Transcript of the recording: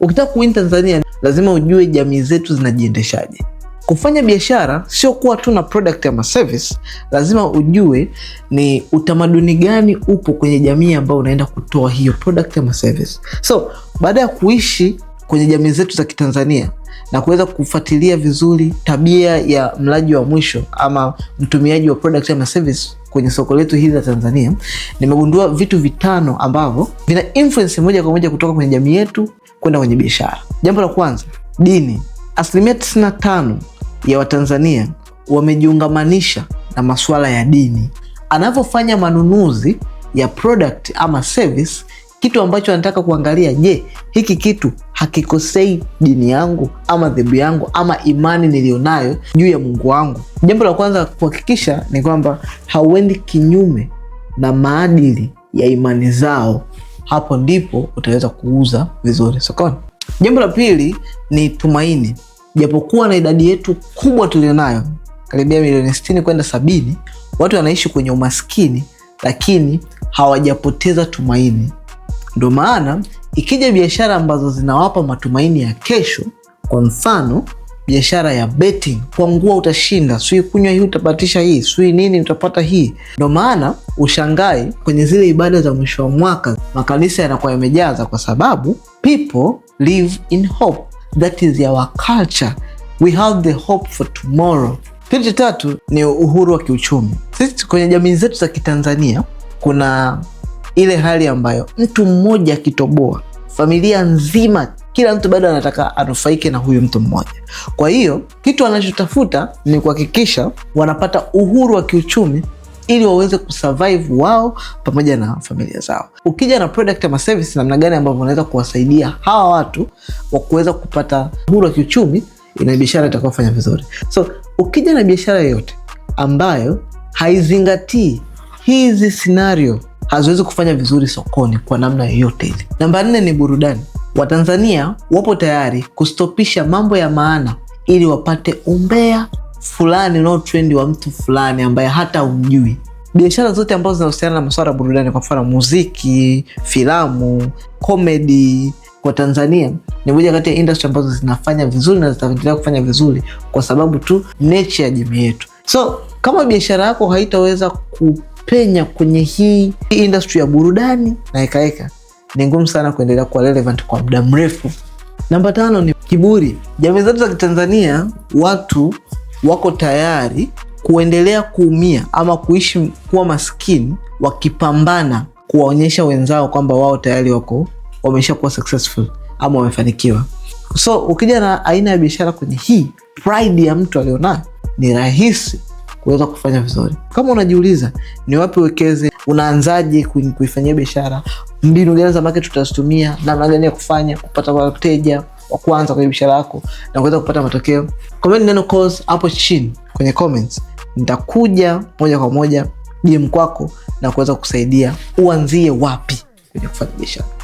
Ukitaka kuwin Tanzania lazima ujue jamii zetu zinajiendeshaje. Kufanya biashara sio kuwa tu na product ama service, lazima ujue ni utamaduni gani upo kwenye jamii ambayo unaenda kutoa hiyo product ama service. So baada ya kuishi kwenye jamii zetu za Kitanzania na kuweza kufuatilia vizuri tabia ya mlaji wa mwisho ama mtumiaji wa product ama service kwenye soko letu hili la Tanzania, nimegundua vitu vitano ambavyo vina influence moja kwa moja kutoka kwenye jamii yetu kwenda kwenye biashara. Jambo la kwanza, dini. Asilimia 95 ya Watanzania wamejiungamanisha na masuala ya dini. Anavyofanya manunuzi ya product ama service, kitu ambacho anataka kuangalia, je, hiki kitu hakikosei dini yangu ama dhehebu yangu ama imani niliyonayo juu ya Mungu wangu. Jambo la kwanza kuhakikisha ni kwamba hauendi kinyume na maadili ya imani zao hapo ndipo utaweza kuuza vizuri sokoni. Jambo la pili ni tumaini. Japokuwa na idadi yetu kubwa tulionayo karibia milioni sitini kwenda sabini, watu wanaishi kwenye umaskini, lakini hawajapoteza tumaini. ndo maana ikija biashara ambazo zinawapa matumaini ya kesho, kwa mfano biashara ya betting. Kuangua utashinda, sui kunywa hii utapatisha hii, sui nini utapata hii. Ndo maana ushangai kwenye zile ibada za mwisho wa mwaka makanisa yanakuwa yamejaza, kwa sababu people live in hope, that is our culture, we have the hope for tomorrow. Kitu cha tatu ni uhuru wa kiuchumi. Sisi kwenye jamii zetu za Kitanzania kuna ile hali ambayo mtu mmoja akitoboa familia nzima kila mtu bado anataka anufaike na huyu mtu mmoja. Kwa hiyo kitu wanachotafuta ni kuhakikisha wanapata uhuru wa kiuchumi ili waweze kusurvive wao pamoja na familia zao. Ukija na product ama service, namna gani ambavyo unaweza kuwasaidia hawa watu wa kuweza kupata uhuru wa kiuchumi, ina biashara itakayofanya vizuri. So ukija na biashara yoyote ambayo haizingatii hizi scenario, haziwezi kufanya vizuri sokoni kwa namna yoyote ile. Namba nne ni burudani. Watanzania wapo tayari kustopisha mambo ya maana ili wapate umbea fulani unaotrendi wa mtu fulani ambaye hata umjui. Biashara zote ambazo zinahusiana na masuala ya burudani, kwa mfano muziki, filamu, komedi, kwa Tanzania ni moja kati ya industry ambazo zinafanya vizuri na zitaendelea kufanya vizuri kwa sababu tu nature ya jamii yetu. So kama biashara yako haitaweza kupenya kwenye hii industry ya burudani na ekaeka ni ngumu sana kuendelea kuwa relevant kwa muda mrefu. Namba tano ni kiburi. Jamii zetu za Kitanzania, watu wako tayari kuendelea kuumia ama kuishi kuwa maskini, wakipambana kuwaonyesha wenzao kwamba wao tayari wako wameshakuwa successful ama wamefanikiwa. So ukija na aina ya biashara kwenye hii pride ya mtu alionayo, ni rahisi kuweza kufanya vizuri. Kama unajiuliza ni wapi uwekeze, unaanzaje kuifanyia biashara, mbinu gani za market tutazitumia, namna gani ya kufanya kupata wateja wa kwanza kwenye biashara yako na kuweza kupata matokeo. Comment neno cause hapo chini kwenye comments, nitakuja moja kwa moja DM kwako na kuweza kukusaidia uanzie wapi kwenye kufanya biashara.